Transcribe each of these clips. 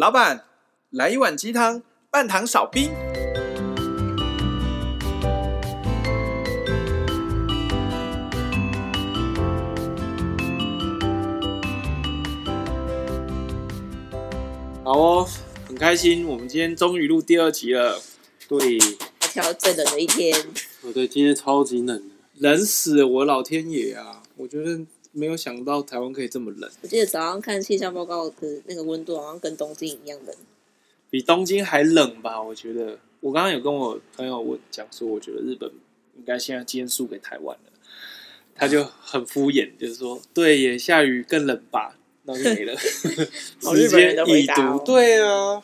老闆，來一碗雞湯，半糖少冰。好哦，很開心，我們今天終於錄第二集了。對，要挑最冷的一天。對，今天超級冷，冷死我老天爺啊！我覺得。沒有想到台灣可以這麼冷。我記得早上看氣象報告的那個溫度好像跟東京一樣冷，比東京還冷吧？我覺得我剛剛有跟我朋友我講說，我覺得日本應該現在今天輸給台灣了，他就很敷衍，就是說對耶，下雨更冷吧，那就沒了。直接已讀，哦。對啊，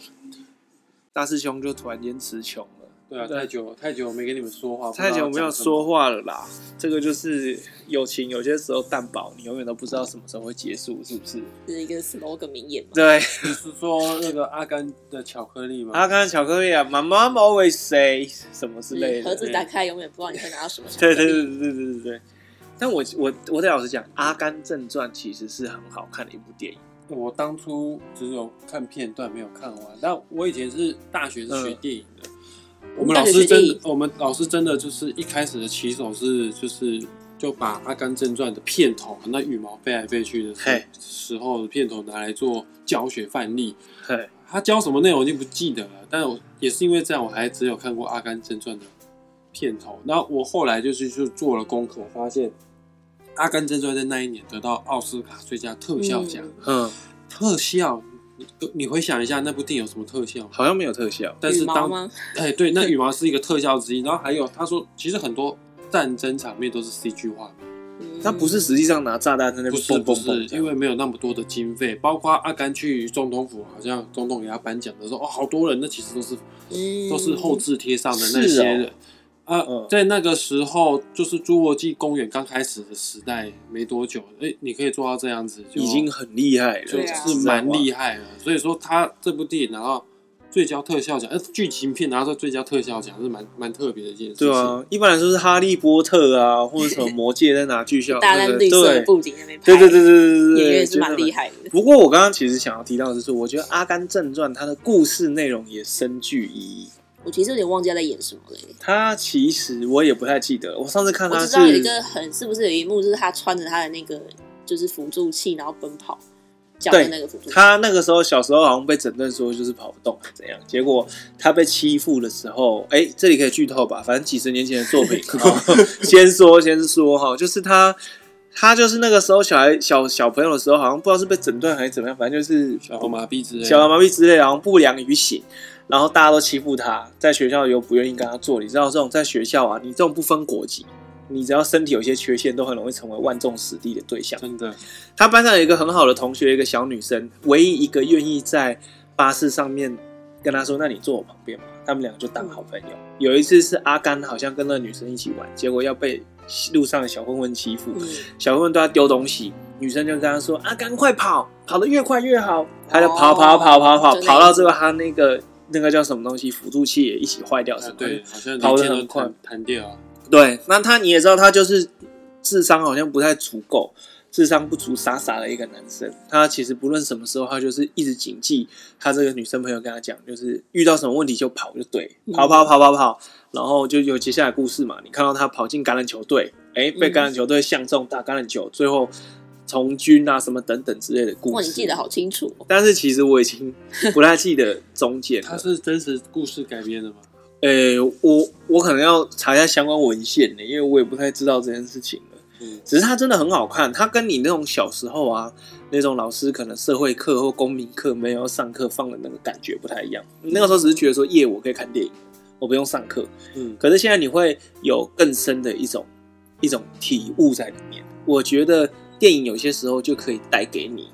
大師兄就突然間詞窮。對啊，對，太久太久我沒跟你們說話，太久我們要說話了吧？ 這個就是友情，有些時候淡薄，你永遠都不知道什麼時候會結束，是不是？是一個 slogan 名言嗎？對，是說那個阿甘的巧克力嗎？ 阿甘巧克力啊，My mom always say，什麼之類的是累？盒子打開，永遠不知道你會拿到什麼。 對，對對對對對對對。但我我我得老實講，《阿甘正傳》其實是很好看的一部電影。我當初只有看片段，沒有看完。但我以前是大學是學電影的。嗯我們老師真，我們老師真的就是一開始的起手式就是就把《阿甘正傳》的片頭那羽毛飛來飛去的時候的片頭拿來做教學範例。他教什麼內容我就不記得了，但是我也是因為這樣，我還只有看過《阿甘正傳》的片頭。那我後來就是就做了功課，發現《阿甘正傳》在那一年得到奧斯卡最佳特效獎。嗯，特效。你回想一下那部電影有什麼特效？好像沒有特效，但是當哎、欸、對，那羽毛是一個特效之一。然後還有他說，其實很多戰爭場面都是 CG 畫面，他、嗯、不是實際上拿炸彈在那蹦蹦蹦，不是不是，因為沒有那麼多的經費。包括阿、啊、甘去總統府、啊，好像總統給他頒獎的時候，哦，好多人，那其實都是都是後製貼上的那些人。嗯啊、呃嗯，在那個時候，就是侏羅紀公園剛開始的時代沒多久，哎、欸，你可以做到這樣子就，已經很厲害了，就啊就是蠻厲害了。所以說，他這部電影拿到最佳特效獎，劇情片拿到最佳特效獎是蠻蠻特別的一件事情。對啊，一般來說是哈利波特啊，或者什麼魔戒在拿，特 效，對對對對對對對對對對對對，也是蠻厲害的。不過我剛剛其實想要提到的是，我覺得《阿甘正傳》它的故事內容也深具意義。我其實有點忘記他在演什麼了、欸。他其實我也不太記得，我上次看他是，我知道有一個很，是不是有一幕就是他穿着他的那個就是輔助器然後奔跑，那個輔助。他那個時候小時候好像被診斷說就是跑不動怎樣，結果他被欺負的時候，哎、欸，這裡可以劇透吧？反正幾十年前的作品， 好先說先說哈，就是他他就是那個時候小孩小小朋友的時候，好像不知道是被診斷還是怎麼樣，反正就是小兒麻痹之類，小兒麻痹之類，然後不良於行。然後大家都欺負他，在學校又不願意跟他坐。你知道這種在學校啊，你這種不分國籍，你只要身體有些缺陷，都很容易成為萬眾敵視的對象。真的，他班上有一個很好的同學，一個小女生，唯一一個願意在巴士上面跟他說：“嗯、那你坐我旁邊吧。”他們兩個就當好朋友。嗯、有一次是阿甘好像跟那個女生一起玩，結果要被路上的小混混欺負，嗯、小混混都要丟東西，女生就跟他說、嗯：“阿甘快跑，跑得越快越好。”他就跑跑跑跑跑，哦、跑到最後他那個。那個叫什麼東西輔助器也一起壞掉，什麼、啊、對，好像跑得很快，彈掉。對，那他你也知道，他就是智商好像不太足夠，智商不足，傻傻的一個男生。他其實不論什麼時候，他就是一直謹記他這個女生朋友跟他講，就是遇到什麼問題就跑，就對，跑、嗯、跑跑跑跑，然後就有接下來故事嘛。你看到他跑進橄欖球隊，哎、欸，被橄欖球隊相中，打橄欖球，最後。從軍啊，什麼等等之類的故事，你記得好清楚。但是其實我已經不太記得中間。它是真實故事改編的嗎？哎，我我可能要查一下相關文獻的，因為我也不太知道這件事情了。只是它真的很好看，它跟你那種小時候啊，那種老師可能社會課或公民課沒有上課放的那個感覺不太一樣。那個時候只是覺得說耶、yeah, 我可以看電影，我不用上課。嗯，可是現在你會有更深的一種一種體悟在裡面，我覺得。電影有些時候就可以帶給你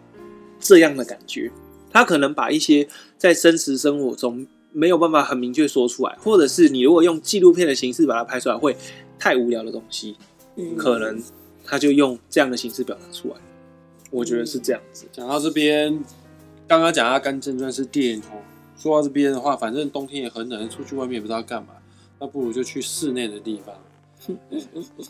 這樣的感覺，他可能把一些在真實生活中沒有辦法很明確說出來，或者是你如果用紀錄片的形式把它拍出來會太無聊的東西，可能他就用這樣的形式表達出來。我覺得是這樣子、嗯。講、嗯、到這邊，剛剛講阿甘正傳是電影哦，說到這邊的話，反正冬天也很冷，出去外面也不知道幹嘛，那不如就去室內的地方。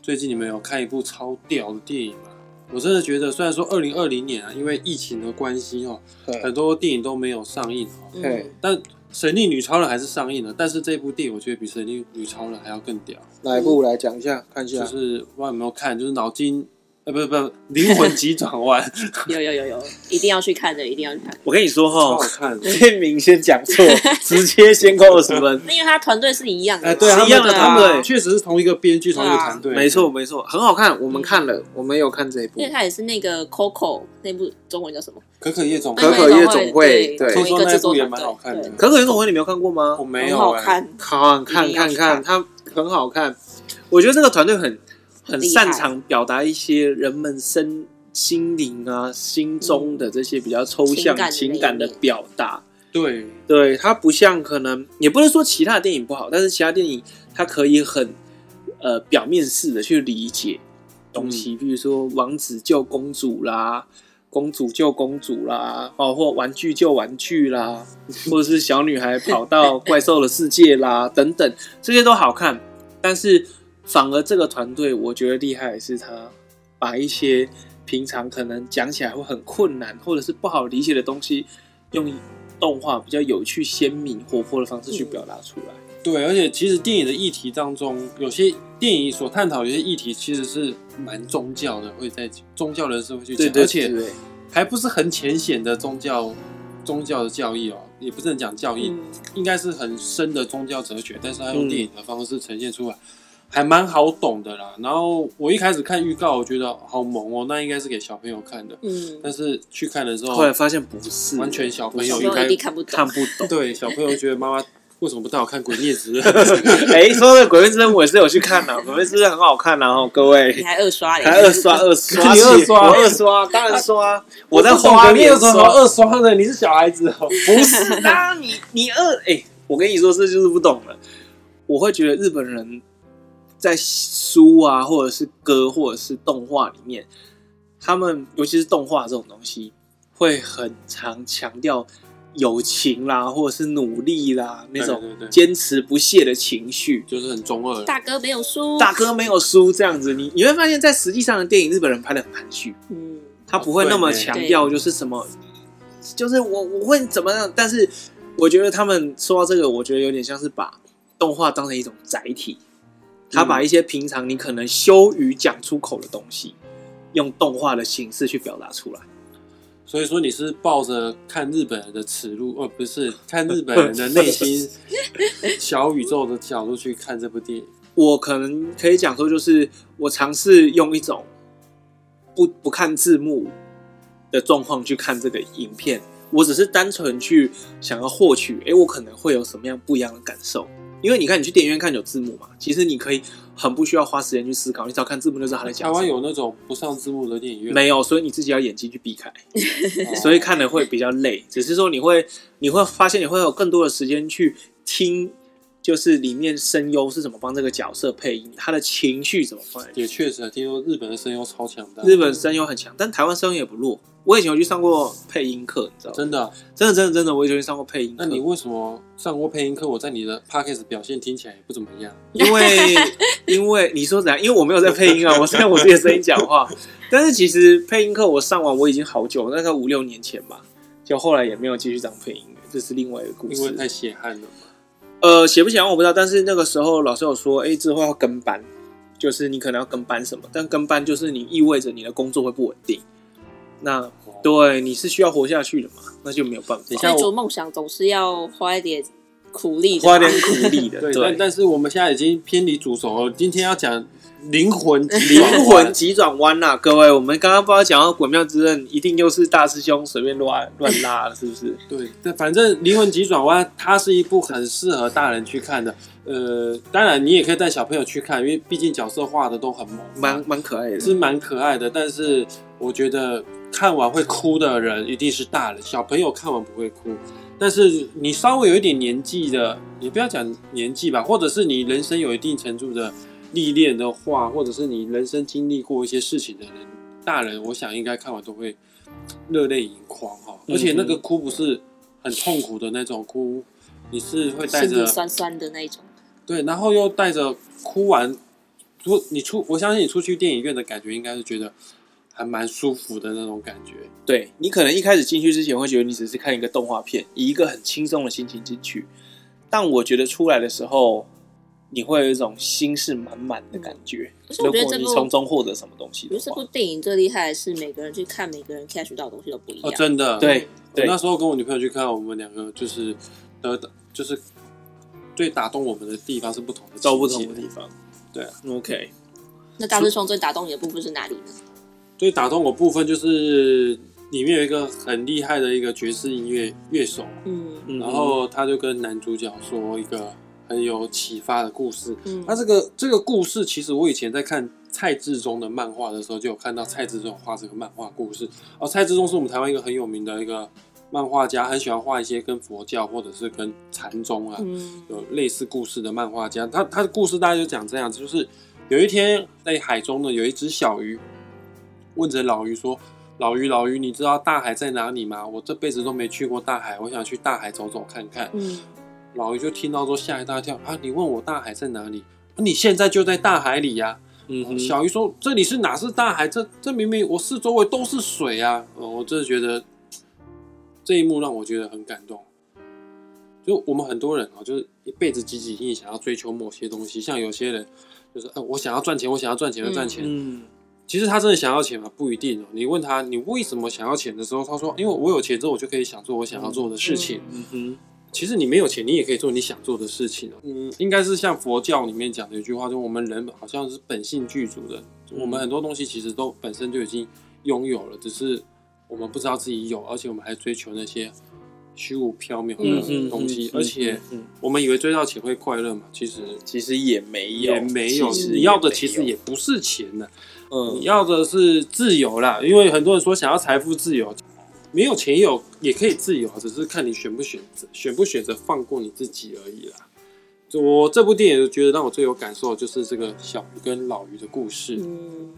最近你們有看一部超屌的電影嗎？我真的覺得，雖然說二零二零年啊，因為疫情的關係哈、哦，很多電影都沒有上映哈、哦嗯，但《神力女超人》還是上映了。但是這部電影，我覺得比《神力女超人》還要更屌。哪一部來講一下？看一下，就是忘了有沒有看，就是《腦筋》。欸、不是不是靈魂急轉彎，有有有有，一定要去看的，一定要去看。我跟你說哈，很好看。天 明先講錯， 直接先扣二十分。 因為他團隊是一樣的，哎、啊，對啊，一樣的團隊，確實是同一個編劇、啊，同一個團隊，沒錯沒錯，很好看，我們看了，嗯，我沒有看這一部。因為他也是那個 Coco 那部中文叫什麼？可可夜總會，可可夜總會，對，所以說那部也蠻好看的。可可夜總會你沒有看過嗎？我沒有，好對。看看看，看，它很好看， 我覺得這個團隊很。很擅長表達一些人們身心靈啊、心中的這些比較抽象情感的表達。對對，它不像可能，也不能說其他的電影不好，但是其他電影它可以很呃表面式的去理解東西，比如說王子救公主啦、公主救公主啦，包括玩具救玩具啦，或者是小女孩跑到怪獸的世界啦等等，這些都好看，但是。反而這個團隊，我覺得厲害的是他，把一些平常可能講起來會很困難，或者是不好理解的東西，用動畫比較有趣、鮮明、活潑的方式去表達出來。嗯。對，而且其實電影的議題當中，有些電影所探討的一些議題其實是蠻宗教的，會在宗教人士會去講，而且還不是很淺顯的宗教宗教的教義哦，也不是很講教義。嗯，應該是很深的宗教哲學，但是他用電影的方式呈現出來。嗯還蠻好懂的啦，然後我一開始看預告，我覺得好萌哦，那應該是給小朋友看的。嗯，但是去看的時候，後來發現不是完全，小朋友應該看不懂，看不懂。對，小朋友覺得媽媽為什麼不帶我看《鬼滅之刃》 看不懂笑媽媽？哎，說的《鬼滅之刃》 欸這個之刃，我也是有去看的，《鬼滅之刃》很好看然、啊、後各位， 還二刷嘞，還二刷， 二刷二刷， 你二刷，啊啊、二刷，當然刷。我在《鬼滅》有什麼二刷的？你是小孩子哦、喔， 不是的、啊，你你二哎、欸，我跟你說，這就是不懂了。 我會覺得日本人。在書啊，或者是歌，或者是動畫裡面，他們尤其是動畫這種東西，會很常強調友情啦，或者是努力啦，那種堅持不懈的情緒，就是很中二。大哥沒有輸，大哥沒有輸。這樣子，你你會發現在實際上的電影，日本人拍的很含蓄，嗯，他不會那麼強調就是什麼，嗯、就是我我會怎麼樣？但是我覺得他們說到這個，我覺得有點像是把動畫當成一種載體。他把一些平常你可能羞於講出口的東西，用動畫的形式去表達出來。所以說你是抱着看日本人的恥辱，哦，不是，看日本人的內心小宇宙的角度去看這部電影。 我可能可以講說，就是我嘗試用一種不不看字幕的狀況去看這個影片。我只是單純去想要獲取，哎、欸，我可能會有什麼樣不一樣的感受。因為你看，你去電影院看有字幕嘛，其實你可以很不需要花時間去思考，你只要看字幕就知道他在講什麼。台灣有那種不上字幕的電影院？沒有，所以你自己要眼睛去避開， 所以看的會比較累。只是說你會你會發現你會有更多的時間去聽。就是裡面聲優是怎麼幫這個角色配音，他的情緒怎麼去？也確實聽說日本的聲優超強大，日本聲優很強，但台灣聲優也不弱。我以前有去上過配音課，你知道？真的、啊，真的，真的，真的，我以前上過配音課。那你為什麼上過配音課？我在你的 Podcast 表現聽起來也不怎麼樣。因為，因為你說怎樣？因為我沒有在配音啊，我是用我自己的聲音講話。 但是其實配音課我上完我已經好久了，大概五六年前吧，就後來也沒有繼續當配音員，這是另外一個故事，因為太血汗了。呃，寫不寫完我不知道，但是那個時候老師有說，哎、欸，之後要跟班，就是你可能要跟班什麼，但跟班就是你意味着你的工作會不穩定。那對你是需要活下去的嘛？那就沒有辦法。現在做夢想總是要花一點苦力的。花點苦力的，對， 對但。但是我們現在已經偏離主軸了，今天要講。靈魂靈魂急轉彎吶， 各位，我們剛剛不知道講到《鬼滅之刃》，一定又是大師兄隨便亂亂拉了，是不是？ 對，那反正靈魂急轉彎，它是一部很適合大人去看的。呃，當然你也可以帶小朋友去看，因為畢竟角色畫的都很萌，蠻蠻可愛的，是蠻可愛的。但是我覺得看完會哭的人一定是大人，小朋友看完不會哭。但是你稍微有一點年紀的，你不要講年紀吧，或者是你人生有一定程度的。歷練的話，或者是你人生經歷過一些事情的人，大人，我想應該看完都會熱淚盈眶哈、哦。而且那個哭不是很痛苦的那種哭，你是會帶着酸酸的那種。對，然後又帶着哭完如你出，我相信你出去電影院的感覺應該是覺得還蠻舒服的那種感覺。對，你可能一開始進去之前會覺得你只是看一個動畫片，以一個很輕鬆的心情進去，但我覺得出來的時候。你會有一種心事滿滿的感覺。嗯、是，我覺得如果你從中獲得什麼東西，不是這部電影最厲害，是每個人去看，每個人 catch 到的東西都不一樣。哦，真的，對，對。我那時候跟我女朋友去看，我們兩個就是，呃，就是最打動我們的地方是不同的。走不同的地方，對啊。OK。那大師兄最打動你的部分是哪裡呢？最打動我的部分就是裡面有一個很厲害的一個爵士音樂樂手，嗯，然後他就跟男主角說一個。很有啟發的故事。那、嗯、這個這個故事，其實我以前在看蔡志忠的漫畫的時候，就有看到蔡志忠畫這個漫畫故事。哦，蔡志忠是我們台灣一個很有名的一個漫畫家，很喜歡畫一些跟佛教或者是跟禪宗啊、嗯、有類似故事的漫畫家。他他的故事大概就講這樣，就是有一天在海中呢，有一隻小魚問着老魚說：“老魚老魚，你知道大海在哪裡嗎？我這輩子都沒去過大海，我想去大海走走看看。”嗯老魚就聽到說嚇一大跳啊！你問我大海在哪裡？你現在就在大海裡呀、啊。嗯，小魚說：“這裡是哪是大海？這這明明我四周圍都是水啊！”嗯、我真的覺得這一幕讓我覺得很感動。就我們很多人啊，就是一輩子汲汲營營想要追求某些東西，像有些人就是，哎、啊，我想要賺錢，我想要賺錢我賺錢、嗯。其實他真的想要錢嘛不一定、喔、你問他你為什麼想要錢的時候，他說：“因為我有錢之後，我就可以想做我想要做的事情。嗯”嗯哼。其實你沒有錢，你也可以做你想做的事情、啊、嗯，應該是像佛教裡面講的一句話，就是我們人好像是本性具足的，嗯、我們很多東西其實都本身就已經擁有了，只是我們不知道自己有，而且我們還追求那些虛無縹緲的東西，嗯、哼哼而且、嗯、我們以為追到錢會快樂嘛，其實其實也沒有，沒有，其實沒有，你要的其實也不是錢呢、啊。嗯、呃，你要的是自由啦，因為很多人說想要財富自由。沒有錢有也可以自由，只是看你選不選擇，選不選擇放過你自己而已啦。我這部電影，覺得讓我最有感受的就是這個小魚跟老魚的故事。嗯。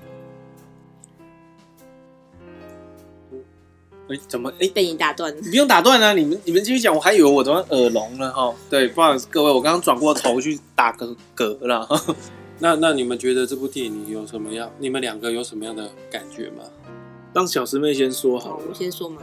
誒怎麼哎被你打斷？你不用打斷啊，你們你們繼續講，我還以為我怎麼耳聾了哈。對，不好意思各位，我剛剛轉過頭去打個嗝了。 那那你們覺得這部電影有什麼樣？你們兩個有什麼樣的感覺嗎？讓小師妹先說好，好，我先說嘛。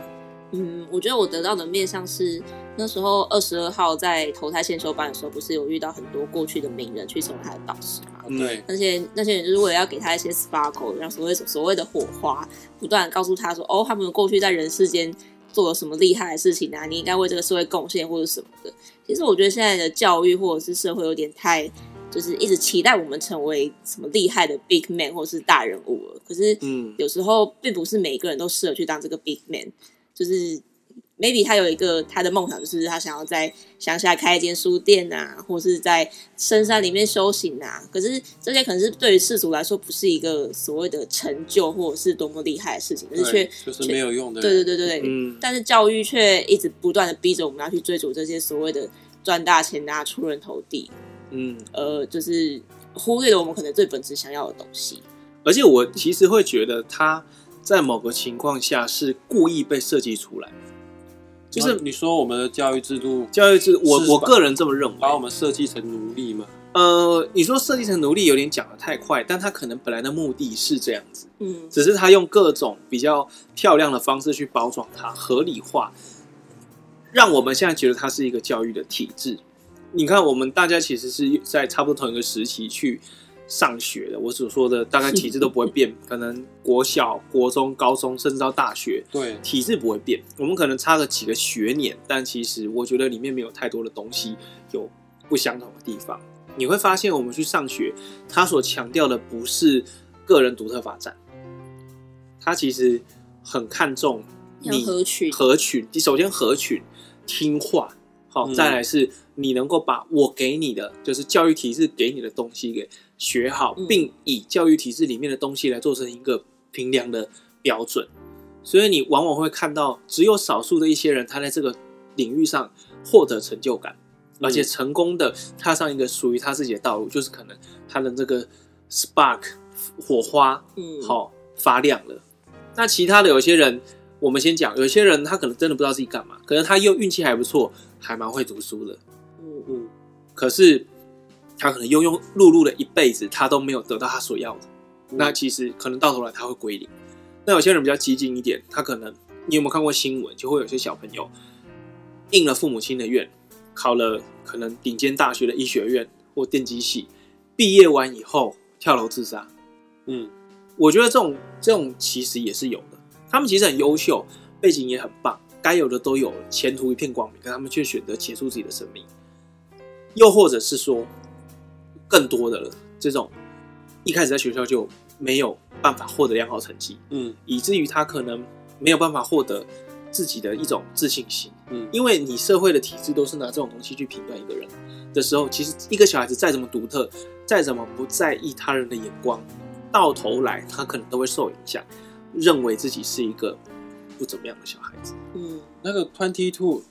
嗯，我覺得我得到的面向是，那時候二十二號在投胎先修班的時候，不是有遇到很多過去的名人去成為他的導師嘛？對，那些那些人就是為了要給他一些 sparkle，讓所謂所謂的火花不斷告訴他說，哦，他們過去在人世間做了什麼厲害的事情啊，你應該為這個社會貢獻或者什麼的。其實我覺得現在的教育或者是社會有點太。就是一直期待我們成為什麼厲害的 big man 或是大人物，可是有時候並不是每個人都適合去當這個 big man。就是 maybe 他有一個他的夢想，就是他想要在鄉下開一間書店啊，或是在深山裡面修行啊。可是這些可能是對於世俗來說，不是一個所謂的成就，或者是多麼厲害的事情，可是就是卻就是沒有用的。對對對對，對、嗯，但是教育卻一直不斷的逼着我們要去追逐這些所謂的賺大錢啊、出人頭地。嗯，呃，就是忽略了我們可能最本質想要的東西。而且我其實會覺得，他在某個情況下是故意被設計出來的。就是你說我們的教育制度、教育制度，我我個人這麼認為，把我們設計成奴隸嗎？呃，你說設計成奴隸有點講得太快，但他可能本來的目的是這樣子。嗯，只是他用各種比較漂亮的方式去包裝它，合理化，讓我們現在覺得它是一個教育的體制。你看，我們大家其實是在差不多同一個時期去上學的。我所說的大概體制，都不會變， 可能國小、國中、高中，甚至到大學，對，體制不會變。我們可能差了幾個學年，但其實我覺得裡面沒有太多的東西有不相同的地方。你會發現，我們去上學，他所強調的不是個人獨特發展，他其實很看重你合群。合群，你首先合群，聽話。好、哦，再來是你能夠把我給你的、嗯，就是教育體制，給你的東西給學好、嗯，並以教育體制裡面的東西來做成一個評量的標準。所以你往往會看到，只有少數的一些人，他在這個領域上獲得成就感、嗯，而且成功的踏上一個屬於他自己的道路，就是可能他的這個 spark 火花，嗯，好、哦、發亮了。那其他的有些人。我們先講，有些人他可能真的不知道自己幹嘛，可能他又運氣還不錯，還蠻會讀書的，嗯嗯，可是他可能庸庸碌碌了一輩子，他都沒有得到他所要的，嗯、那其實可能到頭來他會歸零。那有些人比較激進一點，他可能，你有沒有看過新聞，就會有些小朋友應了父母親的願，考了可能頂尖大學的醫學院或電機系，畢業完以後跳樓自殺。嗯，我覺得這種這種其實也是有的。他們其實很優秀，背景也很棒，該有的都有，前途一片光明。可他們卻選擇結束自己的生命，又或者是說，更多的了這種一開始在學校就沒有辦法獲得良好成績，嗯，以至於他可能沒有辦法獲得自己的一種自信心，嗯，因為你社會的體制都是拿這種東西去評斷一個人的時候，其實一個小孩子再怎麼獨特，再怎麼不在意他人的眼光，到頭來他可能都會受影響。認為自己是一個不怎麼樣的小孩子。嗯，那個 twenty two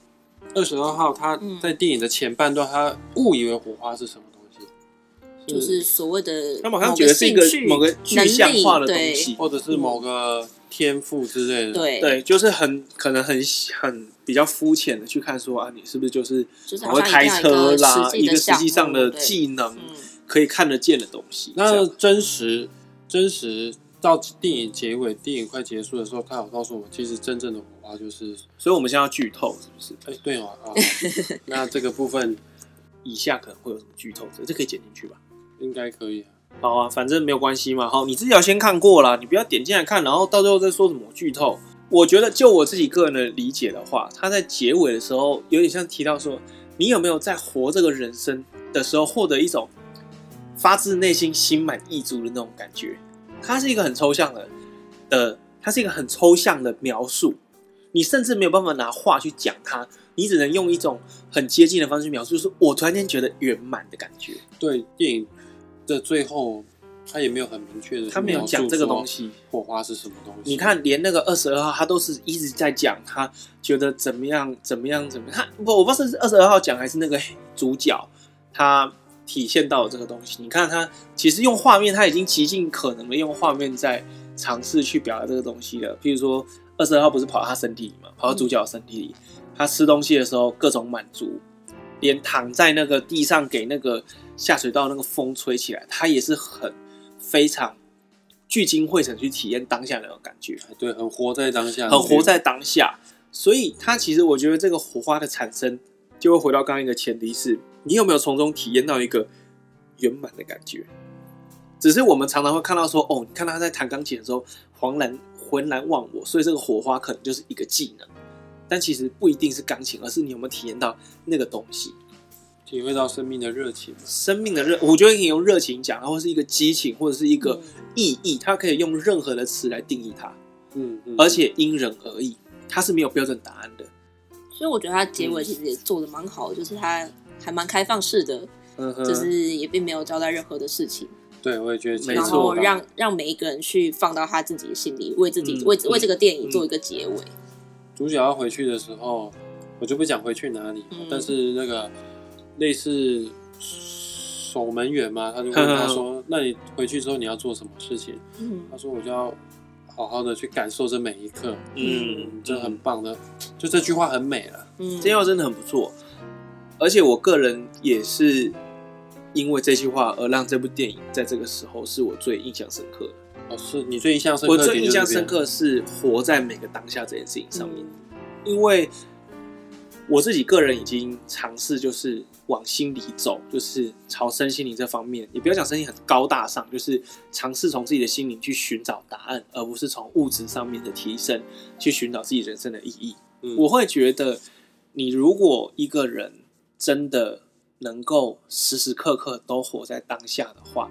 二十二號，他在電影的前半段，嗯、他誤以為火花是什麼東西，是就是所謂的能。他們好像覺得是一個某個具象化的東西，或者是某個天賦之類的。對對，就是很可能很很比較膚淺的去看，說啊，你是不是就是會、就是、開車啦？一,一個實際上的技能可以看得見的東西。嗯、那真實，嗯、真實。到電影結尾，電影快結束的時候，他有告訴我們，其實真正的火花就是，所以我們現在要劇透，是不是？哎、欸，對啊，啊 那這個部分以下可能會有什麼劇透，這這可以剪進去吧？應該可以、啊。好啊，反正沒有關係嘛。好，你自己要先看過啦，你不要點進來看，然後到最後再說什麼劇透。我覺得，就我自己個人的理解的話，他在結尾的時候有點像提到說，你有沒有在活這個人生的時候，獲得一種發自內心、心滿意足的那種感覺？它是一個很抽象的，呃，它是一個很抽象的描述，你甚至沒有辦法拿話去講它，你只能用一種很接近的方式去描述，就是我突然間覺得圓滿的感覺。對，電影的最後，他也沒有很明確的，他沒有講這個東西，火花是什麼東西？你看，連那個二十二號，他都是一直在講，他覺得怎麼樣，怎麼樣，怎麼樣，他不，我我不知道是二十二號講還是那個主角他。它體現到這個東西，你看他其實用畫面，他已經極盡可能的用畫面在嘗試去表達這個東西了。譬如說，二十二號不是跑到他身體裡嗎？跑到主角的身體裡，他吃東西的時候各種滿足，連躺在那個地上給那個下水道那個風吹起來，他也是很非常聚精會神去體驗當下的那種感覺。對，很活在當下，很活在當下。所以，他其實我覺得這個火花的產生，就會回到剛剛一個前提是。你有沒有從中體驗到一個圓滿的感覺？只是我們常常會看到說，哦，你看到他在彈鋼琴的時候，黃藍渾然忘我，所以這個火花可能就是一個技能，但其實不一定是鋼琴，而是你有沒有體驗到那個東西，體會到生命的熱情，生命的熱，我覺得可以用熱情講，或是一個激情，或者是一個意義，嗯、它可以用任何的詞來定義它，嗯，嗯，而且因人而異，它是沒有標準答案的。所以我覺得他結尾其實也做得的蠻好、嗯，就是他。還蠻開放式的、嗯，就是也並沒有交代任何的事情。對，我也覺得這沒錯。然後讓讓每一個人去放到他自己的心裡，為自己、嗯、為為這個電影做一個結尾、嗯嗯。主角要回去的時候，我就不講回去哪裡，嗯、但是那個類似守門員嘛，他就問他說、嗯：“那你回去之後你要做什麼事情？”嗯、他說：“我就要好好的去感受這每一刻。嗯嗯”嗯，真的很棒的，就這句話很美了。嗯，這句話真的很不錯。而且我個人也是因為這句話而讓這部電影在這個時候是我最印象深刻的。哦，是你最印象深刻。我最印象深刻是活在每個當下這件事情上面。因為我自己個人已經嘗試，就是往心裡走，就是朝身心靈這方面。你不要講身心很高大上，就是嘗試從自己的心靈去尋找答案，而不是從物質上面的提升去尋找自己人生的意義。我會覺得，你如果一個人。真的能夠時時刻刻都活在當下的話，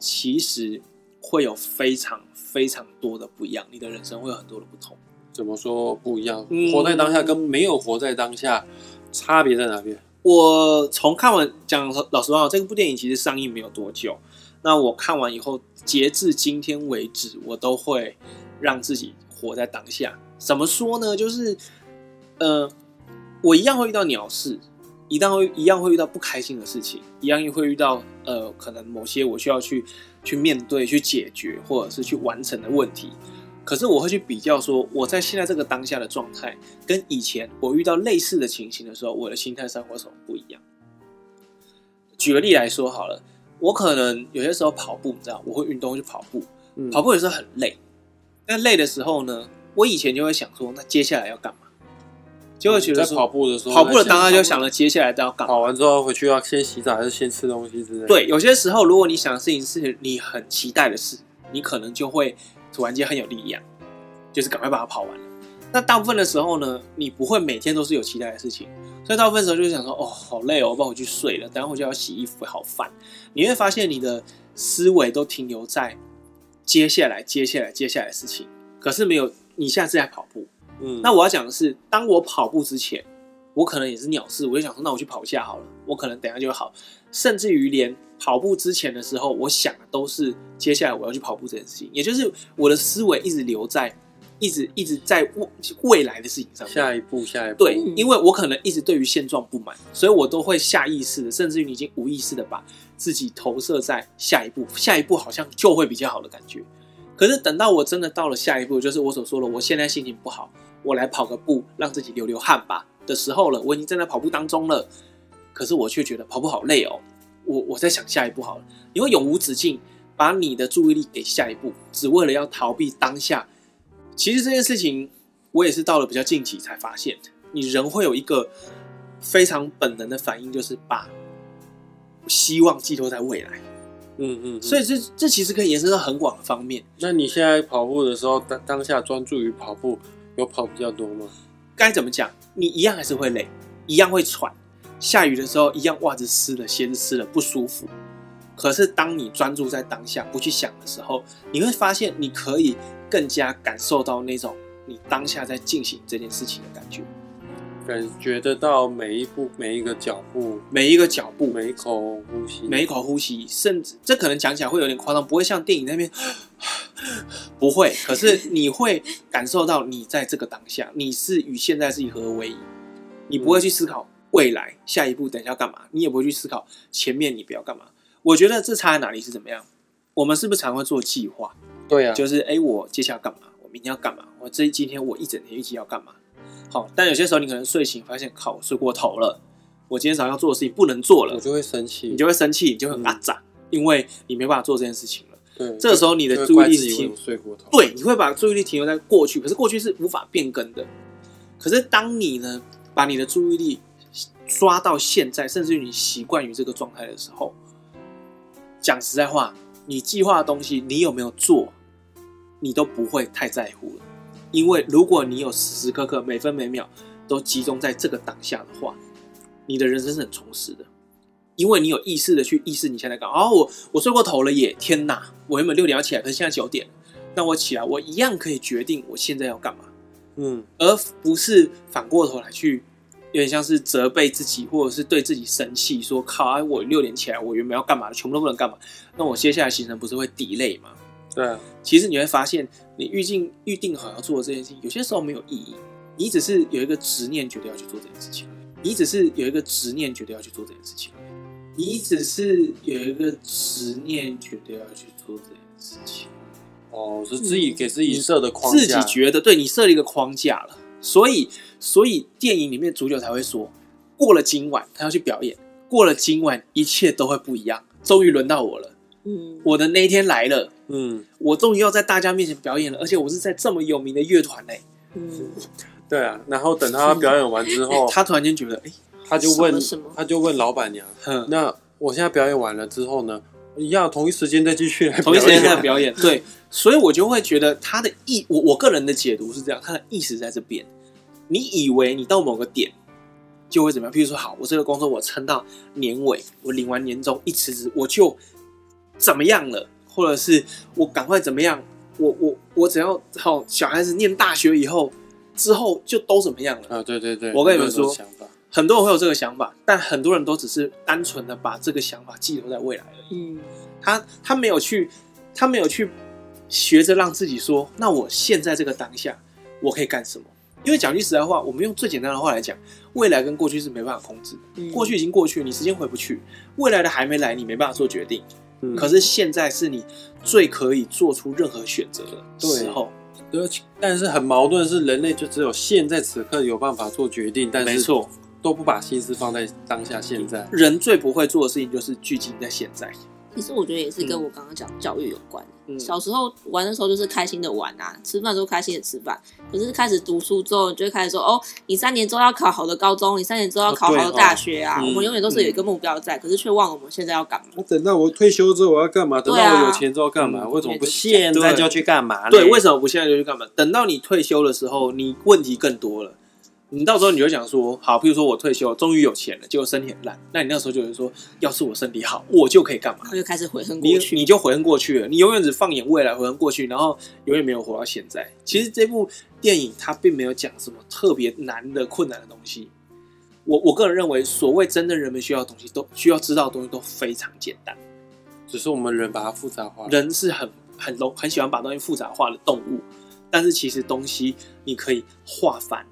其實會有非常非常多的不一樣，你的人生會有很多的不同。怎麼說不一樣？嗯、活在當下跟沒有活在當下差別在哪邊？我從看完，講，老實話，這個、部電影其實上映沒有多久，那我看完以後，截至今天為止，我都會讓自己活在當下。怎麼說呢？就是，呃，我一樣會遇到鳥事。一旦會一樣會遇到不開心的事情，一樣又會遇到呃，可能某些我需要去去面對、去解決或者是去完成的問題。可是我會去比較說，我在現在這個當下的狀態，跟以前我遇到類似的情形的時候，我的心態上有什麼不一樣？舉個例來說好了，我可能有些時候跑步，你知道，我會運動會去跑步，跑步有時候很累，但累的時候呢，我以前就會想說，那接下來要幹嘛？就會覺得、嗯、跑步的時候，跑步的當然就想了接下來都要幹嘛。跑完之後回去要、啊、先洗澡還是先吃東西之類的。對，有些時候如果你想的事情是你很期待的事，你可能就會突然間很有力量，就是趕快把它跑完了。那大部分的時候呢，你不會每天都是有期待的事情，所以大部分時候就想說哦，好累哦，我幫我去睡了，等下我就要洗衣服，好煩。你會發現你的思維都停留在接下來、接下來、接下來的事情，可是沒有，你現在是在跑步。那我要講的是，當我跑步之前，我可能也是鳥事，我就想說，那我去跑一下好了，我可能等一下就好。甚至於連跑步之前的時候，我想的都是接下來我要去跑步這件事情，也就是我的思維一直留在，一直一直在未未來的事情上。下一步，下一步。對，因為我可能一直對於現狀不滿，所以我都會下意識的，甚至於你已經無意識的把自己投射在下一步，下一步好像就會比較好的感覺。可是等到我真的到了下一步，就是我所說的，我現在心情不好。我來跑個步，讓自己流流汗吧的時候了。我已經站在跑步當中了，可是我卻覺得跑步好累哦。我我在想下一步好了，你會永無止境把你的注意力給下一步，只為了要逃避當下。其實這件事情我也是到了比較近期才發現，你人會有一個非常本能的反應，就是把希望寄托在未來。嗯嗯，嗯，所以這這其實可以延伸到很廣的方面。那你現在跑步的時候，當當下專注於跑步。有跑比較多嗎？該怎麼講？你一樣還是會累，一樣會喘。下雨的時候，一樣襪子濕了，鞋子濕了，不舒服。可是當你專注在當下，不去想的時候，你會發現你可以更加感受到那種你當下在進行這件事情的感覺，感覺得到每一步、每一個腳步、每一個腳步、每一口呼吸、每一口呼吸，甚至這可能講起來會有點誇張，不會像電影那邊。 不會，可是你會感受到你在這個當下，你是與現在自己合而為一。你不會去思考未來下一步等一下要幹嘛，你也不會去思考前面你不要幹嘛。我覺得這差在哪裡是怎麼樣？我們是不是常,常會做計劃？對啊，就是哎，我接下來幹嘛？我明天要幹嘛？我這今天我一整天一直要幹嘛？好、哦，但有些時候你可能睡醒發現靠，我睡過頭了，我今天早上要做的事情不能做了，我就會生氣，你就會生氣，你就會很阿扎、嗯，因為你沒辦法做這件事情。這個時候，你的注意力停，對，你會把注意力停留在過去，可是過去是無法變更的。可是，當你呢，把你的注意力抓到現在，甚至於你習慣於這個狀態的時候，講實在話，你計劃的東西，你有沒有做，你都不會太在乎了，因為如果你有時時刻刻、每分每秒都集中在這個當下的話，你的人生是很充實的。因為你有意識的去意識你現在幹嘛哦，我我睡過頭了耶，天哪，我原本六點要起來，可是現在九點，那我起來，我一樣可以決定我現在要幹嘛，嗯，而不是反過頭來去，有點像是責備自己或者是對自己生氣，說靠，哎，我六點起來，我原本要幹嘛的，全部都不能幹嘛，那我接下來行程不是會 delay 嗎？對、嗯，其實你會發現你，你預定預定好要做的這件事情，有些時候沒有意義，你只是有一個執念，覺得要去做這件事情，你只是有一個執念，覺得要去做這件事情。你只是有一個執念，覺得要去做這件事情。哦，是自己給自己設、嗯、的框架，自己覺得對你設了一個框架了。所以，所以電影裡面主角才會說：“過了今晚，他要去表演。過了今晚，一切都會不一樣。終於輪到我了。嗯，我的那一天來了。嗯，我終於要在大家面前表演了，而且我是在這麼有名的樂團內。嗯，對啊。然後等他表演完之後， 他突然間覺得，哎、欸。”他就問什麼什麼，他就問老闆娘，哼，那我現在表演完了之後呢？要同一時間再繼續表演，同一時間再表演？對， 所以我就會覺得他的意，我我個人的解讀是這樣，他的意思在這邊。你以為你到某個點就會怎麼樣？譬如說，好，我這個工作我撐到年尾，我領完年終一辭職，我就怎麼樣了？或者是我趕快怎麼樣？我我我只要好，小孩子念大學以後之後就都怎麼樣了？啊，對對對，我跟你們說。很多人會有這個想法，但很多人都只是單純的把這個想法寄托在未來而已。、嗯。他他沒有去，他沒有去學着讓自己說，那我現在這個當下，我可以幹什麼？因為講句實在話，我們用最簡單的話來講，未來跟過去是沒辦法控制的。嗯、過去已經過去，你時間回不去；未來的還沒來，你沒辦法做決定。嗯、可是現在是你最可以做出任何選擇的時候。對，但是很矛盾的是，人類就只有現在此刻有辦法做決定。但是沒錯。都不把心思放在當下。現在人最不會做的事情就是聚集在現在。其實我覺得也是跟我剛剛講、嗯、教育有關、嗯。小時候玩的時候就是開心的玩啊，吃飯時候開心的吃飯。可、就是開始讀書之後，你就開始說哦，你三年之後要考好的高中，你三年之後要考好的大學啊、哦哦。我們永遠都是有一個目標在，嗯、可是卻忘了我們現在要幹嘛。啊、等到我退休之後我要幹嘛？等到我有錢之後幹嘛？為、嗯、什麼不現在就去幹嘛對？對，為什麼不現在就去幹嘛？等到你退休的時候，嗯、你問題更多了。你到時候你就想說，好，比如說我退休，終於有錢了，結果身體很爛。那你那時候就會說，要是我身體好，我就可以幹嘛？他就開始悔恨過去，你，你就悔恨過去了。你永遠只放眼未來，悔恨過去，然後永遠沒有活到現在。其實這部電影它並沒有講什麼特別難的、困難的東西。我我個人認為，所謂真正人們需要的東西，都需要知道的東西都非常簡單，只是我們人把它複雜化。人是很很容很喜歡把東西複雜化的動物，但是其實東西你可以化繁。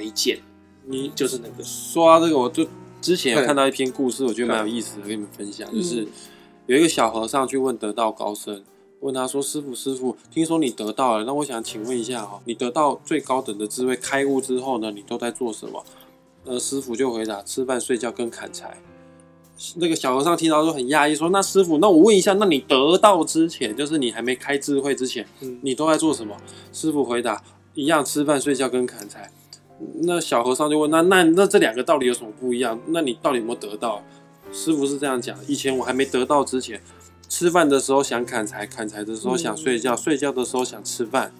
違建，你就是那個說這個，我就之前有看到一篇故事，我覺得蠻有意思的，跟你們分享，就是有一個小和尚去問得道高僧，問他說師父：“師父，師父，聽說你得道了，那我想請問一下哈，你得到最高等的智慧開悟之後呢，你都在做什麼？”呃，師父就回答：“吃飯、睡覺跟砍柴。”那個小和尚聽到說很訝異，說：“那師父，那我問一下，那你得道之前，就是你還沒開智慧之前，你都在做什麼？”嗯、師父回答：“一樣，吃飯、睡覺跟砍柴。”那小和尚就問：“那那那，那這兩個到底有什麼不一樣？那你到底有沒有得到？”師傅是這樣講：“以前我還沒得到之前，吃飯的時候想砍柴，砍柴的時候想睡覺，嗯、睡覺的時候想吃飯。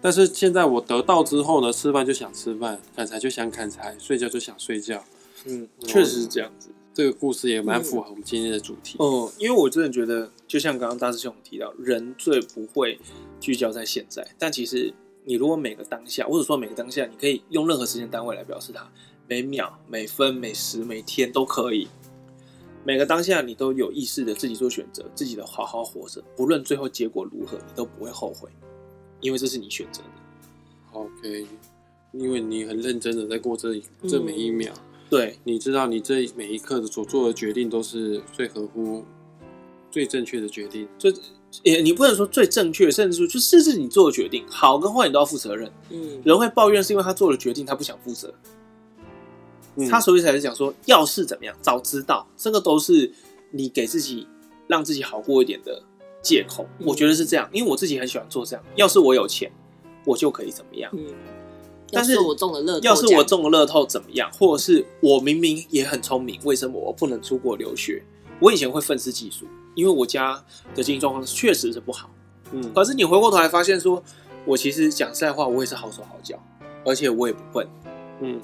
但是現在我得到之後呢，吃飯就想吃飯，砍柴就想砍柴，睡覺就想睡覺。”嗯，oh, 確實是這樣子。這個故事也蠻符合我們今天的主題。嗯，呃、因為我真的覺得，就像剛剛大師兄提到，人最不會聚焦在現在，但其實。你如果每個當下，或者說每個當下，你可以用任何時間單位來表示它，每秒、每分、每時、每天都可以。每個當下，你都有意識的自己做選擇，自己的好好活着，不論最後結果如何，你都不會後悔，因為這是你選擇的。OK，因為你很認真的在過這這每一秒，對、嗯，你知道你這一每一刻的所做的決定都是最合乎、最正確的決定。也、欸、你不能說最正確，甚至就是就這是你做的決定，好跟壞你都要負責任。嗯，人會抱怨是因為他做了決定，他不想負責、嗯。他所以才是講說，要是怎麼樣，早知道，這個都是你給自己讓自己好過一點的借口、嗯。我覺得是這樣，因為我自己很喜歡做這樣。要是我有錢，我就可以怎麼樣？但是我中了樂，要是我中了樂透怎麼樣？或者是我明明也很聰明，為什麼我不能出國留學？我以前會憤世嫉俗。因為我家的經濟狀況確實是不好，嗯，可是你回過頭來發現說，說我其實講實在話，我也是好手好腳，而且我也不笨，嗯，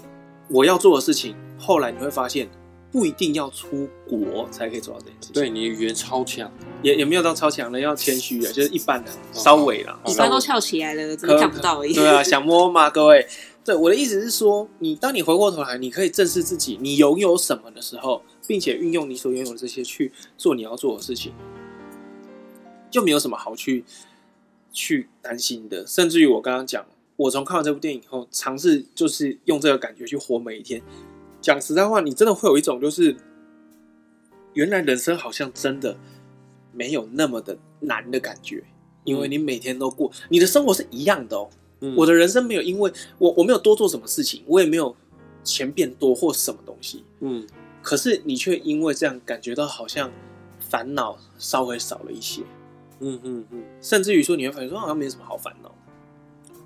我要做的事情，後來你會發現，不一定要出國才可以做到這件事。對，你的語言超強、嗯，也也沒有到超強的，要謙虛的，就是一般的、哦哦，稍微了。一、哦、般都翹起來了，真的看不到而已？對啊，想摸嗎？各位，對我的意思是說，你當你回過頭來，你可以正視自己，你擁有，有什麼的時候。並且運用你所擁有的這些去做你要做的事情，就沒有什麼好去去擔心的。甚至於我剛剛講，我從看完這部電影以後，嘗試就是用這個感覺去活每一天。講實在話，你真的會有一種就是，原來人生好像真的沒有那麼的難的感覺，因為你每天都過，嗯。你的生活是一樣的喔。嗯。我的人生沒有，因為我我沒有多做什麼事情，我也沒有錢變多或什麼東西，嗯。可是你卻因為這樣感覺到好像煩惱稍微少了一些，嗯嗯嗯，甚至於說你會發現說好像沒什麼好煩惱。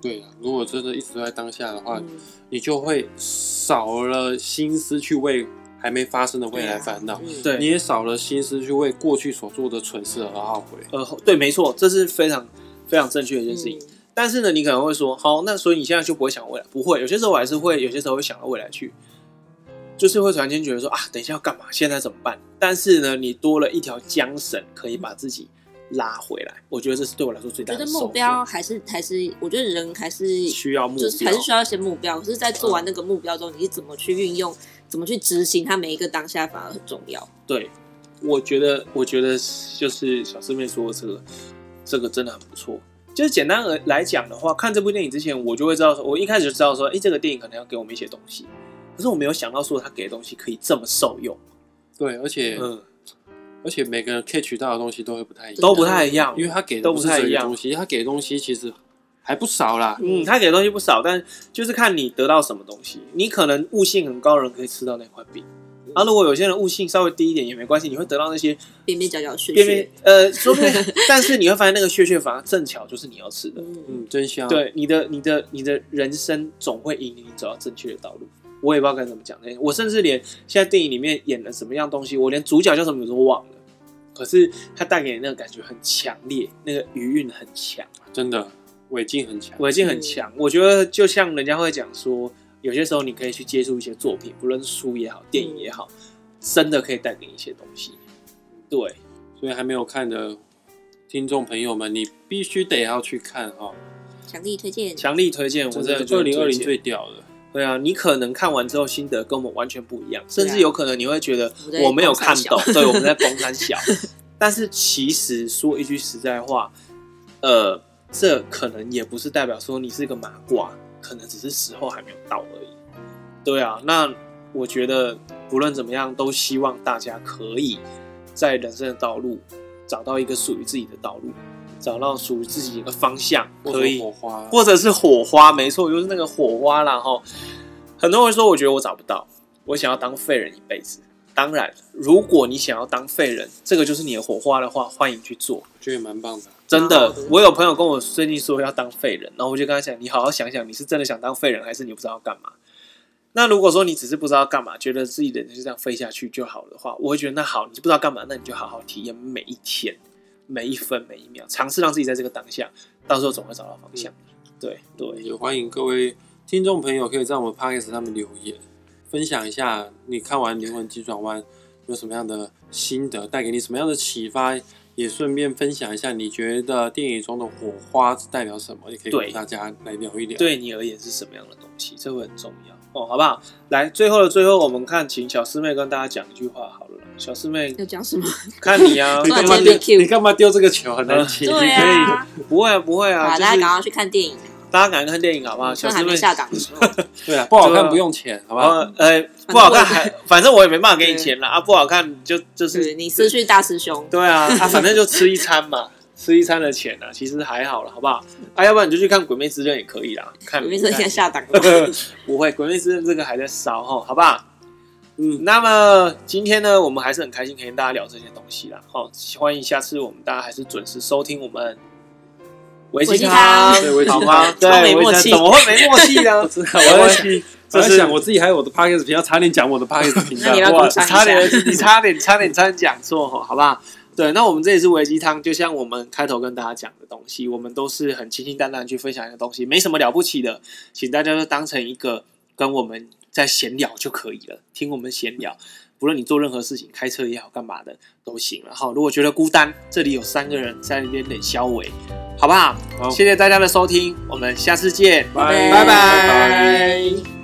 對啊，如果真的一直都在當下的話，你就會少了心思去為還沒發生的未來煩惱，對，你也少了心思去為過去所做的蠢事而懊悔。呃，對，沒錯，這是非常非常正確的一件事情。但是呢，你可能會說，好，那所以你現在就不會想未來？不會，有些時候我還是會，有些時候會想到未來去。就是會突然間覺得說啊，等一下要幹嘛？現在怎麼辦？但是呢，你多了一條韁繩，可以把自己拉回來。我覺得這是對我來說最大的覺得，目標還是，還是還是我覺得人還是需要目標，就是還是需要一些目標。可是在做完那個目標之後，你是怎麼去運用、嗯、怎麼去執行它？每一個當下反而很重要。對，我覺得，我覺得就是小師妹說的這個，這個真的很不錯。就是簡單而來講的話，看這部電影之前，我就會知道說，我一開始就知道說，哎、欸，這個電影可能要給我們一些東西。可是我沒有想到，說他給的東西可以這麼受用。對，而且，嗯、而且每個人 catch 到的東西都會不太一樣，都不太一樣，因為他給的，不的東西都不太一樣。東西他給的東西其實還不少啦。嗯，他給的東西不少，但就是看你得到什麼東西。你可能悟性很高的人可以吃到那塊餅。然、嗯、後、啊、如果有些人悟性稍微低一點也沒關係，你會得到那些邊邊角角碎屑。呃，說不定， 但是你會發現那個屑屑反而正巧就是你要吃的。嗯，嗯真香。對你的，你的你，的你的人生總會引領你走到正確的道路。我也不知道該怎麼講，我甚至連現在電影裡面演了什麼樣東西，我連主角叫什麼我都忘了。可是它帶給你那個感覺很強烈，那個餘韻很強，啊，真的尾勁很強，尾勁很強。我覺得就像人家會講說，有些時候你可以去接觸一些作品，不論是書也好，電影也好，真的可以帶給你一些東西。對，所以還沒有看的聽眾朋友們，你必須得要去看哈，哦！強力推薦，強力推薦，我在二零二零最屌的。對啊，你可能看完之後心得跟我們完全不一樣，甚至有可能你會覺得、啊、我沒有看懂，對，我們在講三小。小 但是其實說一句實在話，呃，這可能也不是代表說你是個麻瓜，可能只是時候還沒有到而已。對啊，那我覺得不論怎麼樣，都希望大家可以在人生的道路找到一個屬於自己的道路。找到屬於自己的一個方向，可以，或者是火花，沒錯，就是那個火花啦哈，很多人說，我覺得我找不到，我想要當廢人一輩子。當然，如果你想要當廢人，這個就是你的火花的話，歡迎去做。我覺得也蠻棒的，真的。我有朋友跟我最近說要當廢人，然後我就跟他講，你好好想想，你是真的想當廢人，還是你不知道要幹嘛？那如果說你只是不知道幹嘛，覺得自己人就這樣廢下去就好了的話，我會覺得那好，你就不知道幹嘛，那你就好好體驗每一天。每一分每一秒，嘗試讓自己在這個當下，到時候總會找到方向。嗯、對對，也歡迎各位聽眾朋友可以在我們 podcast 上面留言，分享一下你看完《靈魂急轉彎》有什麼樣的心得，帶給你什麼樣的啟發，也順便分享一下你覺得電影中的火花是代表什麼，也可以跟大家來聊一聊。對你而言是什麼樣的東西？這會很重要。哦，好不好？來，最後的最後，我們看，請小師妹跟大家講一句話好了。小師妹要講什麼？看你啊！ 你幹嘛丟？ 你幹嘛丟這個球？很難請你可以不會啊，不會啊！好就是、大家趕快去看電影，大家趕快看電影，好不好？小師妹、嗯、下崗候下檔的時候， 對啊，不好看不用錢，好不好？呃、 啊，不好看還反正我也沒辦法給你錢了啊！不好看就就是，是你失去大師兄。對啊，啊，反正就吃一餐嘛。 吃一餐的錢呢、啊？其實還好了，好不好？啊，要不然你就去看《鬼滅之刃》也可以啦。看《看鬼滅之刃》下檔了， 不會，《鬼滅之刃》這個還在燒哈，好不好？嗯，那麼今天呢，我們還是很開心可以跟大家聊這些東西啦。好，歡迎下次我們大家還是準時收聽我們微雞湯啊，對，微雞湯啊，對，微雞湯，怎麼會沒默契呢、啊？默 契，我在想,是在想我自己還有我的 podcast 頻道，要差點講我的 podcast 頻道，我 差點， 你差點，差點，差點講錯，好不好？對，那我們這也是微雞湯，就像我們開頭跟大家講的東西，我們都是很清清淡淡去分享一個東西，沒什麼了不起的，請大家就當成一個跟我們在閒聊就可以了，聽我們閒聊，不論你做任何事情，開車也好，幹嘛的都行。然後如果覺得孤單，這裡有三個人在那邊冷消圍，好不好？好，謝謝大家的收聽，我們下次見，拜拜。Bye bye bye bye